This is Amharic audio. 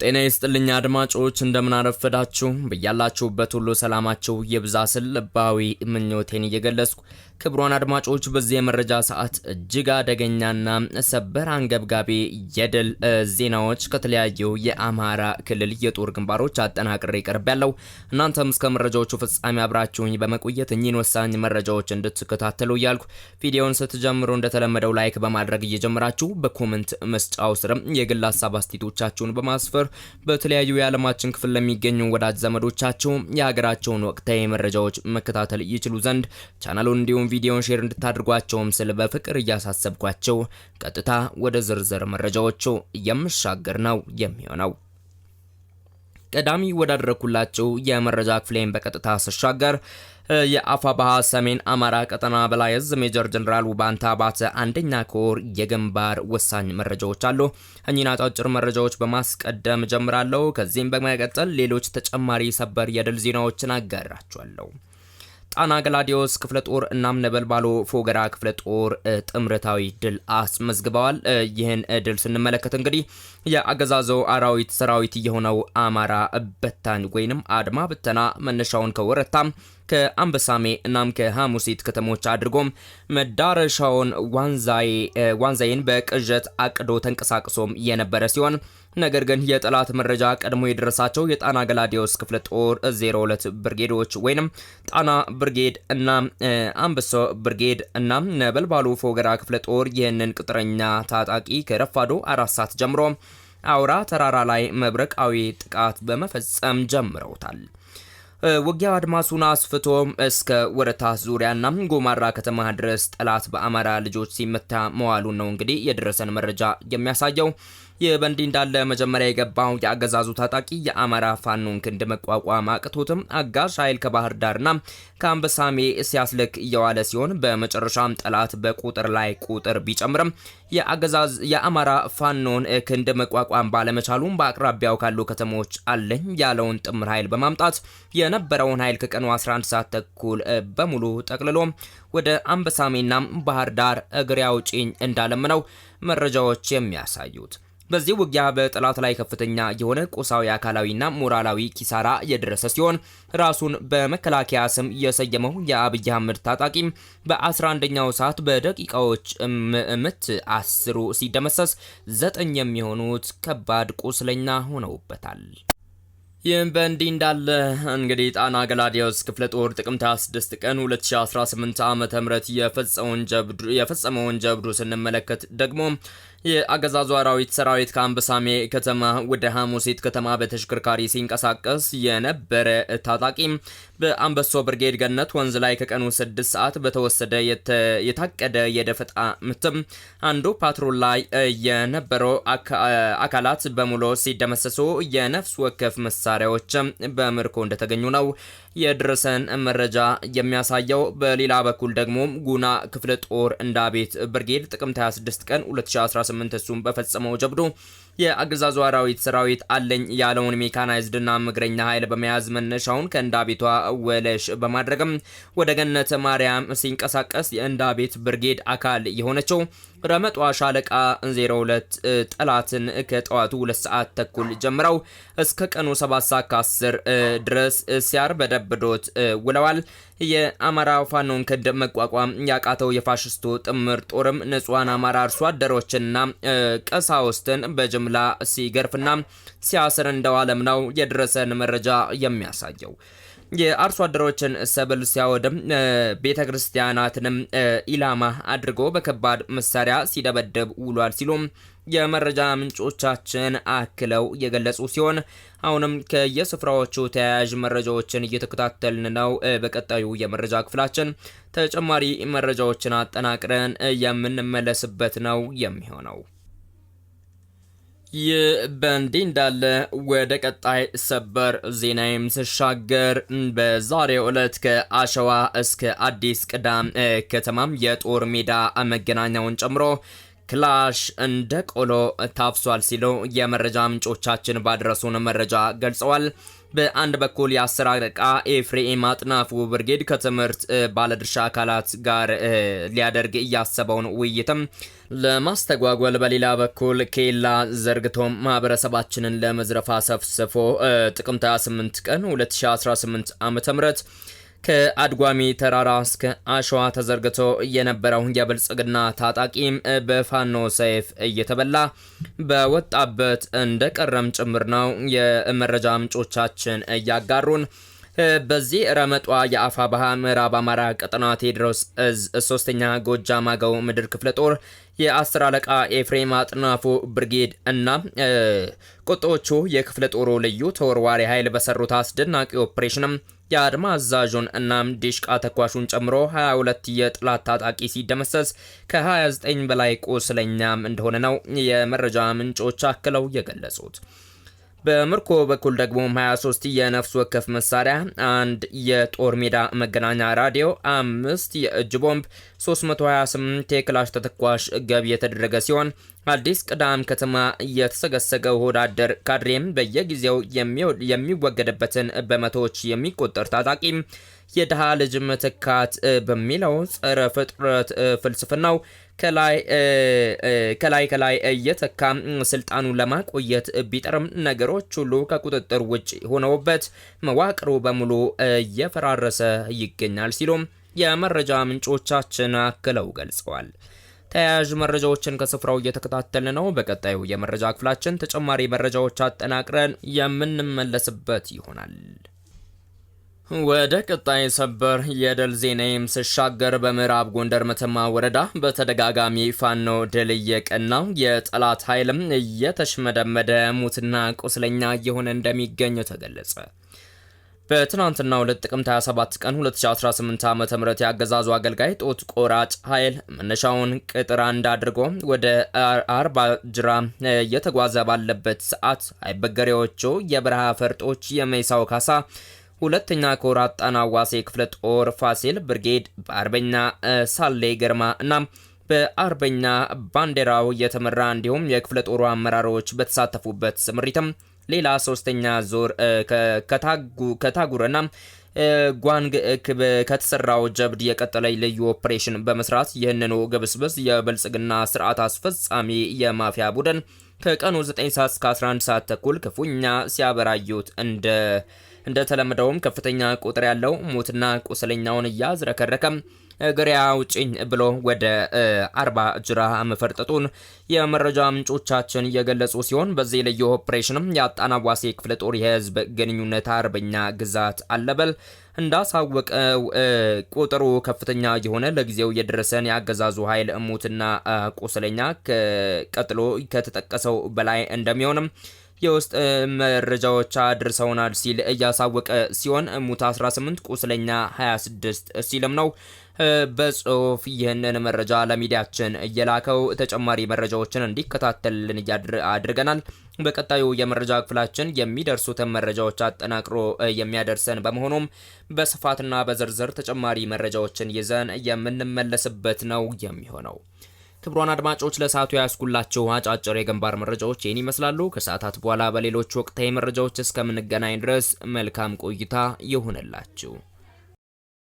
ጤና ይስጥልኝ አድማጮች፣ እንደምናረፈዳችሁ በያላችሁበት ሁሉ ሰላማችሁ የብዛ ስል ልባዊ ምኞቴን እየገለጽኩ ክቡራን አድማጮች በዚህ የመረጃ ሰዓት እጅግ አደገኛና ሰበር አንገብጋቢ የድል ዜናዎች ከተለያዩ የአማራ ክልል የጦር ግንባሮች አጠናቅሬ ቀርብ ያለው እናንተም እስከ መረጃዎቹ ፍጻሜ አብራችሁኝ በመቆየት እኚህን ወሳኝ መረጃዎች እንድትከታተሉ እያልኩ ቪዲዮውን ስትጀምሩ እንደተለመደው ላይክ በማድረግ እየጀመራችሁ በኮመንት መስጫው ስርም የግል ሀሳብ አስቴቶቻችሁን በማስፈር በማጋር በተለያዩ የዓለማችን ክፍል ለሚገኙ ወዳጅ ዘመዶቻቸው የሀገራቸውን ወቅታዊ መረጃዎች መከታተል ይችሉ ዘንድ ቻናሉን እንዲሁም ቪዲዮን ሼር እንድታደርጓቸውም ስል በፍቅር እያሳሰብኳቸው ቀጥታ ወደ ዝርዝር መረጃዎቹ የምሻገር ነው የሚሆነው። ቀዳሚ ወዳደረኩላቸው የመረጃ ክፍሌን በቀጥታ ስሻገር የአፋባሃ ሰሜን አማራ ቀጠና በላይ እዝ ሜጀር ጀነራል ውባንታ ባተ አንደኛ ኮር የግንባር ወሳኝ መረጃዎች አሉ። እኚህን አጫጭር መረጃዎች በማስቀደም ጀምራለሁ። ከዚህም በመቀጠል ሌሎች ተጨማሪ ሰበር የድል ዜናዎችን አጋራችኋለሁ። ጣና ገላዲዮስ ክፍለ ጦር እናም ነበልባሎ ፎገራ ክፍለ ጦር ጥምረታዊ ድል አስመዝግበዋል። ይህን ድል ስንመለከት እንግዲህ የአገዛዘው አራዊት ሰራዊት የሆነው አማራ በታኝ ወይንም አድማ ብተና መነሻውን ከወረታም ከአንበሳሜ እናም ከሐሙሲት ከተሞች አድርጎም መዳረሻውን ዋንዛይን በቅዠት አቅዶ ተንቀሳቅሶም የነበረ ሲሆን ነገር ግን የጠላት መረጃ ቀድሞ የደረሳቸው የጣና ገላዲዮስ ክፍለ ጦር 02 ብርጌዶች ወይም ጣና ብርጌድ እና አንበሶ ብርጌድ እና ነበልባሉ ፎገራ ክፍለ ጦር ይህንን ቅጥረኛ ታጣቂ ከረፋዶ አራት ሰዓት ጀምሮ አውራ ተራራ ላይ መብረቃዊ ጥቃት በመፈጸም ጀምረውታል። ውጊያ አድማሱን አስፍቶ እስከ ወረታ ዙሪያና ጎማራ ከተማ ድረስ ጠላት በአማራ ልጆች ሲመታ መዋሉን ነው እንግዲህ የደረሰን መረጃ የሚያሳየው። ይህ በእንዲህ እንዳለ መጀመሪያ የገባው የአገዛዙ ታጣቂ የአማራ ፋኖን ክንድ መቋቋም አቅቶትም አጋዥ ኃይል ከባህር ዳርና ከአንበሳሜ ሲያስልክ እየዋለ ሲሆን በመጨረሻም ጠላት በቁጥር ላይ ቁጥር ቢጨምርም የአገዛዝ የአማራ ፋኖን ክንድ መቋቋም ባለመቻሉም በአቅራቢያው ካሉ ከተሞች አለኝ ያለውን ጥምር ኃይል በማምጣት የነበረውን ኃይል ከቀኑ 11 ሰዓት ተኩል በሙሉ ጠቅልሎ ወደ አንበሳሜና ባህር ዳር እግሬ አውጪኝ እንዳለም ነው መረጃዎች የሚያሳዩት። በዚህ ውጊያ በጠላት ላይ ከፍተኛ የሆነ ቁሳዊ አካላዊና ሞራላዊ ኪሳራ የደረሰ ሲሆን ራሱን በመከላከያ ስም የሰየመው የአብይ አህመድ ታጣቂም በ11ኛው ሰዓት በደቂቃዎች ምት አስሩ ሲደመሰስ ዘጠኝ የሚሆኑት ከባድ ቁስለኛ ሆነውበታል። ይህም በእንዲህ እንዳለ እንግዲህ ጣና ገላዲዮስ ክፍለ ጦር ጥቅምት 26 ቀን 2018 ዓ.ም የፈጸመውን ጀብዱ ስንመለከት ደግሞ የአገዛዙ አራዊት ሰራዊት ከአንበሳሜ ከተማ ወደ ሐሙሲት ከተማ በተሽከርካሪ ሲንቀሳቀስ የነበረ ታጣቂ በአንበሶ ብርጌድ ገነት ወንዝ ላይ ከቀኑ 6 ሰዓት በተወሰደ የታቀደ የደፈጣ ምትም አንዱ ፓትሮል ላይ የነበረው አካላት በሙሉ ሲደመሰሱ የነፍስ ወከፍ መሳሪያዎች በምርኮ እንደተገኙ ነው የደረሰን መረጃ የሚያሳየው። በሌላ በኩል ደግሞ ጉና ክፍለ ጦር እንዳቤት ብርጌድ ጥቅምት 26 ቀን 2018 እሱም በፈጸመው ጀብዶ የአገዛዙ አራዊት ሰራዊት አለኝ ያለውን ሜካናይዝድና እግረኛ ኃይል በመያዝ መነሻውን ከእንዳቤቷ ወለሽ በማድረግም ወደ ገነተ ማርያም ሲንቀሳቀስ የእንዳቤት ብርጌድ አካል የሆነችው ረመጧ ሻለቃ 02 ጠላትን ከጠዋቱ ሁለት ሰዓት ተኩል ጀምረው እስከ ቀኑ 7 ሰዓት ከ10 ድረስ ውለዋል። የአማራ ፋኖን ክንድ መቋቋም ያቃተው የፋሽስቱ ጥምር ጦርም ንጹሐን አማራ አርሶ አደሮችንና ቀሳውስትን በጅምላ ሲገርፍና ሲያስር እንደዋለም ነው የደረሰን መረጃ የሚያሳየው። የአርሶ አደሮችን ሰብል ሲያወድም ቤተ ክርስቲያናትንም ኢላማ አድርጎ በከባድ መሳሪያ ሲደበደብ ውሏል ሲሉም የመረጃ ምንጮቻችን አክለው የገለጹ ሲሆን አሁንም ከየስፍራዎቹ ተያያዥ መረጃዎችን እየተከታተልን ነው። በቀጣዩ የመረጃ ክፍላችን ተጨማሪ መረጃዎችን አጠናቅረን የምንመለስበት ነው የሚሆነው። ይህ በእንዲህ እንዳለ ወደ ቀጣይ ሰበር ዜናዬም ስሻገር በዛሬው ዕለት ከአሸዋ እስከ አዲስ ቅዳም ከተማም የጦር ሜዳ መገናኛውን ጨምሮ ክላሽ እንደ ቆሎ ታፍሷል ሲሉ የመረጃ ምንጮቻችን ባደረሱን መረጃ ገልጸዋል። በአንድ በኩል የአስር አለቃ ኤፍሬም አጥናፉ ብርጌድ ከትምህርት ባለድርሻ አካላት ጋር ሊያደርግ እያሰበውን ውይይትም ለማስተጓጎል በሌላ በኩል ኬላ ዘርግቶ ማህበረሰባችንን ለመዝረፍ አሰፍስፎ ጥቅምት 28 ቀን 2018 ዓ.ም ከአድጓሚ ተራራ እስከ አሸዋ ተዘርግቶ የነበረው የብልጽግና ታጣቂም በፋኖ ሰይፍ እየተበላ በወጣበት እንደ ቀረም ጭምር ነው የመረጃ ምንጮቻችን እያጋሩን። በዚህ ረመጧ የአፋ ባህ ምዕራብ አማራ ቀጠና ቴዎድሮስ እዝ ሶስተኛ ጎጃም አገው ምድር ክፍለ ጦር የአስር አለቃ ኤፍሬም አጥናፉ ብርጌድ እና ቁጦቹ የክፍለ ጦሩ ልዩ ተወርዋሪ ኃይል በሰሩት አስደናቂ ኦፕሬሽንም የአድማ አዛዡን እናም ዲሽቃ ተኳሹን ጨምሮ 22 የጠላት ታጣቂ ሲደመሰስ ከ29 በላይ ቁስለኛም እንደሆነ ነው የመረጃ ምንጮች አክለው የገለጹት። በምርኮ በኩል ደግሞ 23 የነፍስ ወከፍ መሳሪያ፣ አንድ የጦር ሜዳ መገናኛ ራዲዮ፣ አምስት የእጅ ቦምብ፣ 328 የክላሽ ተተኳሽ ገቢ የተደረገ ሲሆን አዲስ ቅዳም ከተማ የተሰገሰገ ወዳደር ካድሬም በየጊዜው የሚወገድበትን በመቶዎች የሚቆጠር ታጣቂም የድሃ ልጅ ምትካት በሚለው ጸረ ፍጥረት ፍልስፍናው ከላይ ከላይ እየተካ ስልጣኑን ለማቆየት ቢጠርም ነገሮች ሁሉ ከቁጥጥር ውጭ ሆነውበት መዋቅሩ በሙሉ እየፈራረሰ ይገኛል ሲሉም የመረጃ ምንጮቻችን አክለው ገልጸዋል። ተያያዥ መረጃዎችን ከስፍራው እየተከታተል ነው። በቀጣዩ የመረጃ ክፍላችን ተጨማሪ መረጃዎች አጠናቅረን የምንመለስበት ይሆናል። ወደ ቀጣይ ሰበር የድል ዜናዬም ስሻገር በምዕራብ ጎንደር መተማ ወረዳ በተደጋጋሚ ፋኖ ድል እየቀናው የጠላት ኃይልም እየተሽመደመደ ሙትና ቁስለኛ እየሆነ እንደሚገኝ ተገለጸ። በትናንትና ዕለት ጥቅምት 27 ቀን 2018 ዓ.ም የአገዛዙ አገልጋይ ጦት ቆራጭ ኃይል መነሻውን ቅጥር አንድ አድርጎ ወደ አርባ ጅራ እየተጓዘ ባለበት ሰዓት አይበገሬዎቹ የበረሃ ፈርጦች የመይሳው ካሳ ሁለተኛ ኮር ዋሴ ክፍለ ጦር ፋሲል ብርጌድ በአርበኛ ሳሌ ግርማ እና በአርበኛ ባንዴራው የተመራ እንዲሁም የክፍለ ጦሩ አመራሮች በተሳተፉበት ስምሪትም ሌላ ሶስተኛ ዞር ከታጉረና ጓንግ ከተሰራው ጀብድ የቀጠለ ልዩ ኦፕሬሽን በመስራት ይህንኑ ግብስብስ የብልጽግና ስርዓት አስፈጻሚ የማፊያ ቡድን ከቀኑ 9 ሰዓት እስከ 11 ሰዓት ተኩል ክፉኛ ሲያበራዩት እንደ እንደተለመደውም ከፍተኛ ቁጥር ያለው ሞትና ቁስለኛውን እያዝረከረከም እግሬ አውጭኝ ብሎ ወደ አርባ ጅራ መፈርጠጡን የመረጃ ምንጮቻችን እየገለጹ ሲሆን በዚህ ልዩ ኦፕሬሽንም የአጣና ዋሴ ክፍለ ጦር የህዝብ ግንኙነት አርበኛ ግዛት አለበል እንዳሳወቀው ቁጥሩ ከፍተኛ የሆነ ለጊዜው የደረሰን የአገዛዙ ኃይል ሙትና ቁስለኛ ቀጥሎ ከተጠቀሰው በላይ እንደሚሆንም የውስጥ መረጃዎች አድርሰውናል ሲል እያሳወቀ ሲሆን ሙት 18 ቁስለኛ 26 ሲልም ነው በጽሁፍ ይህንን መረጃ ለሚዲያችን እየላከው ተጨማሪ መረጃዎችን እንዲከታተልን አድርገናል። በቀጣዩ የመረጃ ክፍላችን የሚደርሱትን መረጃዎች አጠናቅሮ የሚያደርሰን በመሆኑም በስፋትና በዝርዝር ተጨማሪ መረጃዎችን ይዘን የምንመለስበት ነው የሚሆነው። ክቡራን አድማጮች ለሰዓቱ ያስኩላቸው አጫጭር የግንባር መረጃዎች ይህን ይመስላሉ። ከሰዓታት በኋላ በሌሎች ወቅታዊ መረጃዎች እስከምንገናኝ ድረስ መልካም ቆይታ ይሁንላችሁ።